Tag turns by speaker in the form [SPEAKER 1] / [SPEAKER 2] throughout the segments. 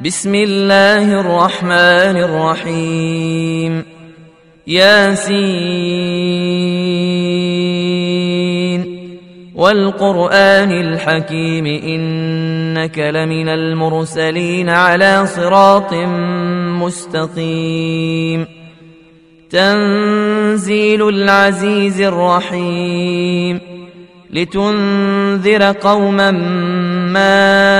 [SPEAKER 1] بسم الله الرحمن الرحيم ياسين والقرآن الحكيم إنك لمن المرسلين على صراط مستقيم تنزيل العزيز الرحيم لتنذر قوما ما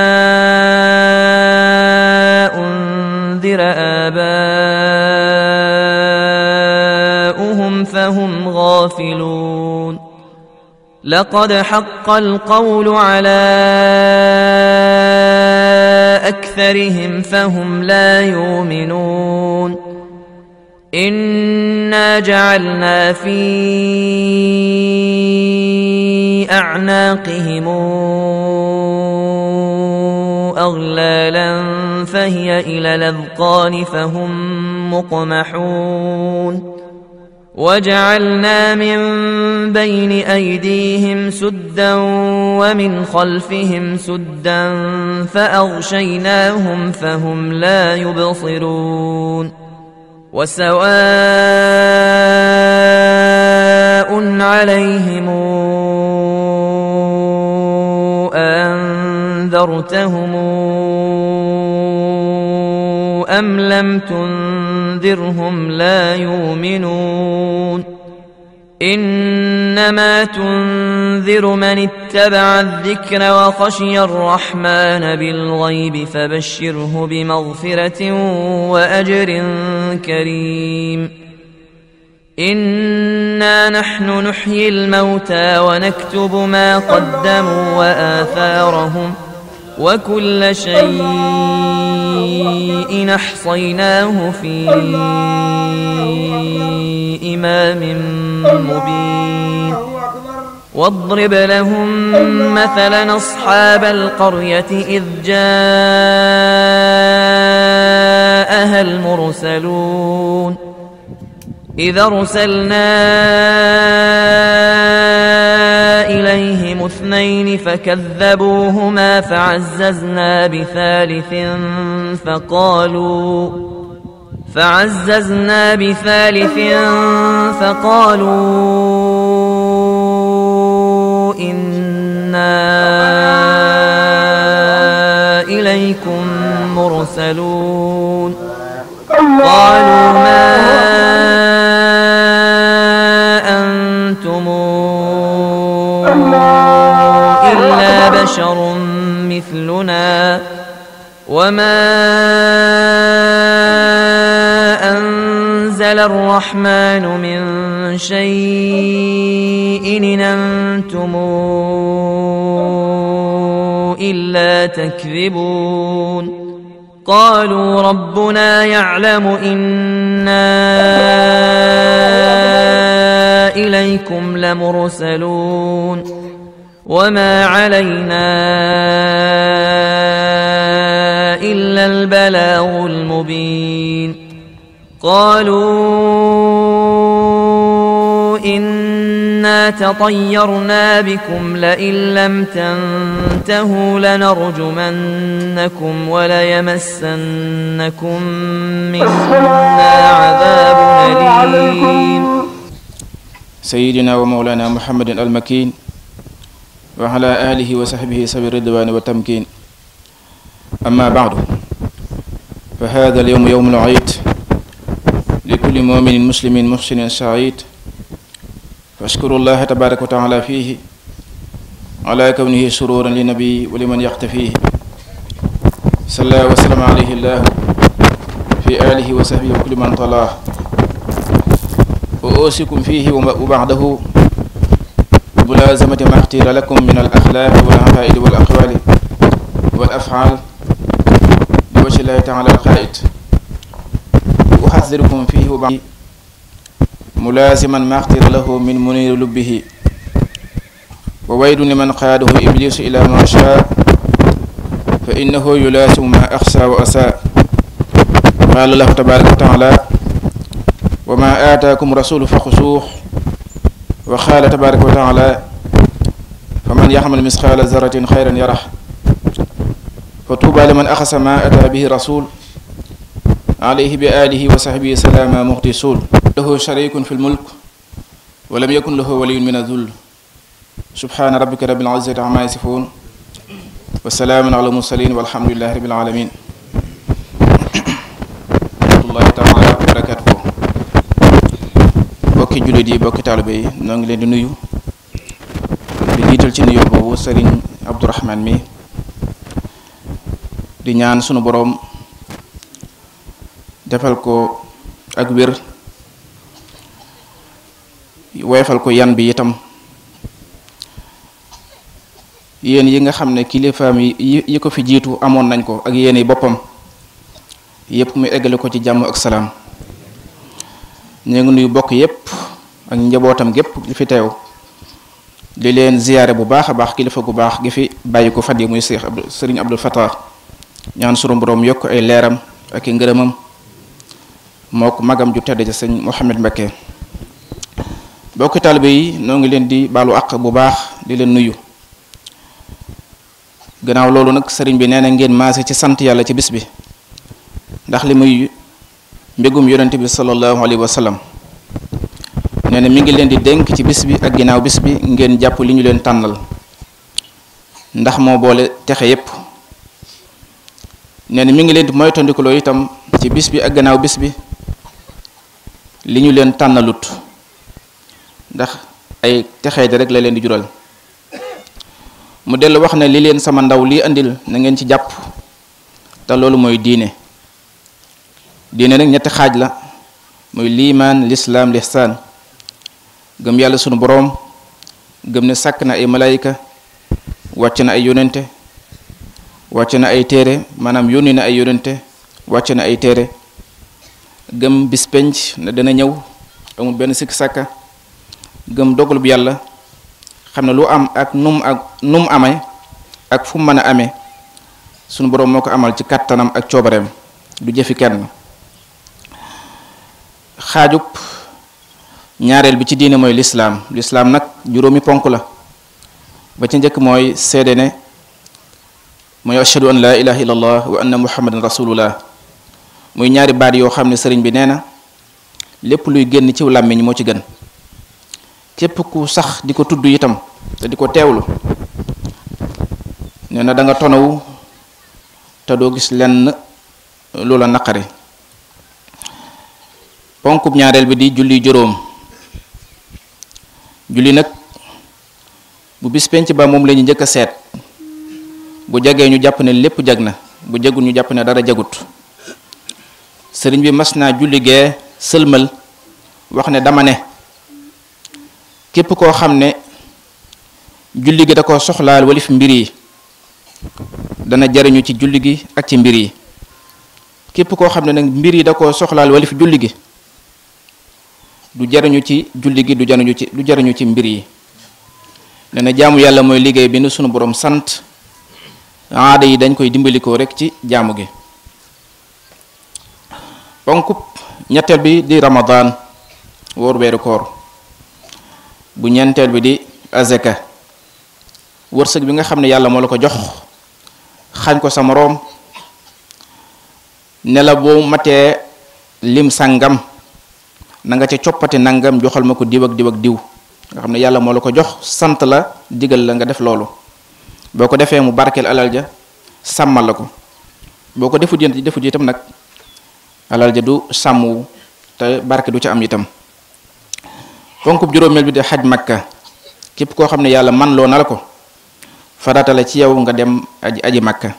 [SPEAKER 1] ذكر آباؤهم فهم غافلون لقد حق القول على أكثرهم فهم لا يؤمنون إنا جعلنا في أعناقهم أغلالاً فهي إلى الأذقان فهم مقمحون وجعلنا من بين أيديهم سدا ومن خلفهم سدا فأغشيناهم فهم لا يبصرون وسواء عليهم أنذرتهم أم لم تنذرهم لا يؤمنون إنما تنذر من اتبع الذكر وخشي الرحمن بالغيب فبشره بمغفرة وأجر كريم إنا نحن نحيي الموتى ونكتب ما قدموا وآثارهم وكل شيء إن أحصيناه في إمام مبين واضرب لهم مثلا أصحاب القرية إذ جاءها المرسلون إذا أرسلنا إليهم اثنين فكذبوهما فعززنا بثالث فقالوا فعززنا بثالث فقالوا إنا إليكم مرسلون قالوا ما إلا بشر مثلنا وما أنزل الرحمن من شيء إن أنتم إلا تكذبون قالوا ربنا يعلم إنا إليكم لمرسلون وما علينا إلا البلاغ المبين قالوا إنا تطيرنا بكم لئن لم تنتهوا لنرجمنكم وليمسنكم منا عذاب
[SPEAKER 2] أليم sayidina wa mawlana muhammadin almakin wa ala alihi wa sahbihi sabi ridwani wa tamkin amma baadu fa hada alyowm yowm alciid li kulli muminin muslimin muxsinin said fashkuru llaha tabaraka wa taala fihi ala kawnihi sururan li nabi wa liman yaxtafihi salla wa salama alayhi llahu fi alihi wa sahbihi wa kulli man talaa وأوصيكم فيه وبعده بملازمة ما اختير لكم من الأخلاق والعقائد والأقوال والأفعال بوجه الله تعالى القائد أحذركم فيه وبعده ملازما ما اختير له من منير لبه وويل لمن قاده إبليس إلى ما شاء فإنه يلازم ما أخسى وأساء قال الله تبارك وتعالى wa ma aataakum rasulu fa xusuux wa qaala tabaraka wa taala fa man yaxmal misqaala zaratin xayran yarax fa tuuba liman axasa ma ataa bihi rasul alayhi bi alihi wa saxbihi salaama muxtisul lahu sharikun fi lmulk wa lam yakun lahu waliyun min azul subhaana rabbika rabbil izzati amma yasifun wa salaamun ala mursalin walhamdulilahi rabbil alamin mbokki jullit yi mbokki taalibe yi noo ngi leen di nuyu di jiital ci nuyu boobu sëriñ Abdourahman mi di ñaan sunu boroom defal ko ak wér woyofal ko yan bi itam yéen yi nga xam ne kilifaam yi yi ko fi jiitu amoon nañ ko ak yéen yi boppam yépp mu eggale ko ci jàmm ak salaam ñu nuyu bokk yépp ak njabootam gépp li fi teew di leen ziyaare bu baax a baax kilifa gu baax gi fi bàyyi ko fat yi muy Seex Abdu Sëriñ Abdul Fatah ñaan sunu boroom yokk ay leeram ak i ngërëmam moo ko magam ju tedd ja sëñ Mouhamed Mbakke bokki taalibe yi noo ngi leen di baalu àq bu baax di leen nuyu gannaaw loolu nag sëriñ bi nee na ngeen maase ci sant yàlla ci bis bi ndax li muy mbégum yonente bi sallallahu alayhi wa nee na mi ngi leen di dénk ci bis bi ak ginnaaw bis bi ngeen jàpp li ñu leen tànnal ndax moo boole texe yépp nee na mi ngi leen di moytandikuloo itam ci bis bi ak ginnaaw bis bi li ñu leen tànnalut ndax ay texe di rek la leen di jural mu dellu wax ne li leen sama ndaw lii indil na ngeen ci jàpp te loolu mooy diine diine nag ñetti xaaj la muy liimaan lislaam lihsaan gëm yàlla sunu boroom gëm ne sàkk na ay malaayika wàcc na ay yonente wàcc na ay téere maanaam yónni na ay yonente wàcc na ay téere gëm bis penc ne dana ñëw amul benn sikk sàkka gëm dogal yàlla xam ne lu am ak num ak num amee ak fu mu mën a amee sunu boroom moo ko amal ci kattanam ak coobareem du jëfi kenn xaajub ñaareel bi ci diine mooy lislaam lislaam nag juróomi ponk la ba ci njëkk mooy seede ne mooy ashhadu an laa ilaha illallah wa anna muhammadan rasulullah muy ñaari baat yoo xam ne sëriñ bi nee na lépp luy génn ciw làmmiñ moo ci gën képp ku sax di ko tudd itam te di ko teewlu nee na da nga te doo gis lenn loola naqari ponkub ñaareel bi di julli juróom julli nag bu bis penc ba moom la njëkk a seet bu jagee ñu jàpp ne lépp jag na bu jagul ñu jàpp ne dara jagut sëriñ bi mas naa julli gee sëlmal wax ne dama ne képp koo xam ne julli gi da koo soxlaal walif mbir yi dana jariñu ci julli gi ak ci mbir yi képp koo xam ne nag mbir yi da ko soxlaal walif julli gi du jariñu ci julli gi du jariñu ci du jariñu ci mbir yi nee na jaamu yàlla mooy liggéey bi nu sunu borom sant aada yi dañ koy dimbalikoo rek ci jaamu gi ponkub ñetteel bi di ramadan wóor weeru koor bu ñeenteel bi di azeka wërsëg bi nga xam ne yàlla moo la ko jox xañ ko sa moroom nela la boo matee lim sàngam na nga ca coppati nangam joxal ma ko diw ak diw ak diw nga xam ne yàlla moo la ko jox sant la digal la nga def loolu boo ko defee mu barkeel alal ja sàmmal la ko boo ko defut yéen defut itam nag alal ja du sàmm te barke du ca am itam fonkub juróomeel bi de xaj makka képp koo xam ne yàlla man loo na la ko farata ci yow nga dem aji aji makka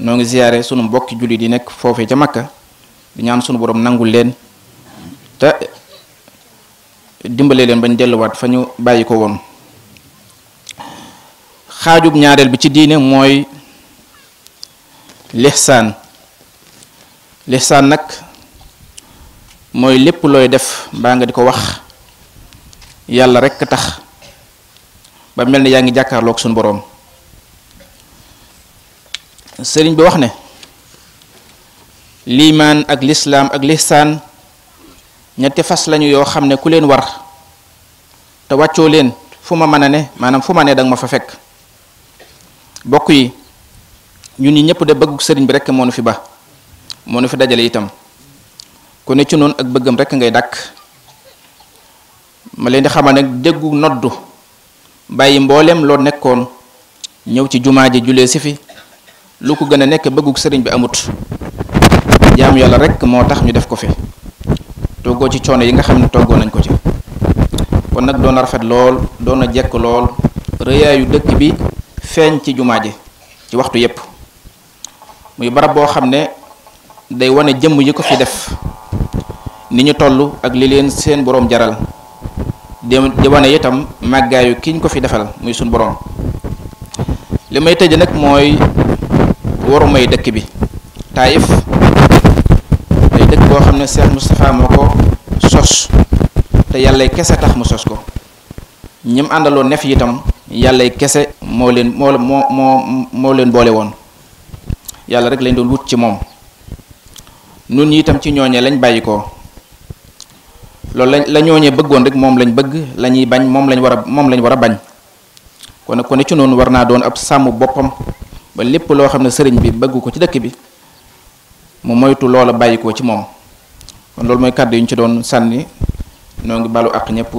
[SPEAKER 2] noo ngi ziyaare sunu mbokki jullit yi nekk foofee ca makka di ñaan sunu boroom nangul leen te dimbale leen bañ delluwaat fa ñu bàyyi ko woon xaajub ñaareel bi ci diine mooy lixsaan lixsaan nag mooy lépp looy def mbaa nga di ko wax yàlla rekk tax ba mel ni yaa ngi jàkkaarloog suñu boroom sëriñ bi wax ne liimaan ak lislaam ak lixsaan ñetti fas lañu yoo xam ne ku leen war te wàccoo leen fu ma mën a ne maanaam fu ma ne danga ma fa fekk bokk yi ñun ñi ñëpp de bëgg sëriñ bi rek moo nu fi ba moo nu fi dajale itam ku ne ci noonu ak bëggam rek ngay dàkk ma leen di xamal nag déggu noddu bàyyi mbooleem loo nekkoon ñëw ci jumaa ji julee si fi lu ko gën a nekk bëggug sëriñ bi amut jaam yàlla rekk moo tax ñu def ko fi toggoo ci coono yi nga xam ne toggoo nañ ko ci kon nag doon na rafet lool doon na jekk lool rëyaayu dëkk bi feeñ ci jumaa ji ci waxtu yépp muy barab boo xam ne day wane jëmm yi ko fi def ni ñu toll ak li leen seen boroom jaral di wane itam màggaayu ki ñu ko fi defal muy suñ boroom li may tëj nag mooy waru dëkk bi Taayif boo xam ne Cheikh Moustapha moo ko sos te yàllay kese tax mu sos ko ñim àndaloon nef itam yàllay kese moo leen moo moo moo moo leen boole woon yàlla rek lañ doon wut ci moom nun itam ci ñooñee lañ bàyyi ko loolu la la ñooñee bëggoon rek moom lañ bëgg lañuy bañ moom lañ war a moom lañ war a bañ kon ku ne ci noonu war naa doon ab sàmm boppam ba lépp loo xam ne sëriñ bi bëgg ko ci dëkk bi mu moytu loola bàyyikoo ci moom loolu mooy kàddu yi ñu ci doon sànni noo balu àq ñëpp.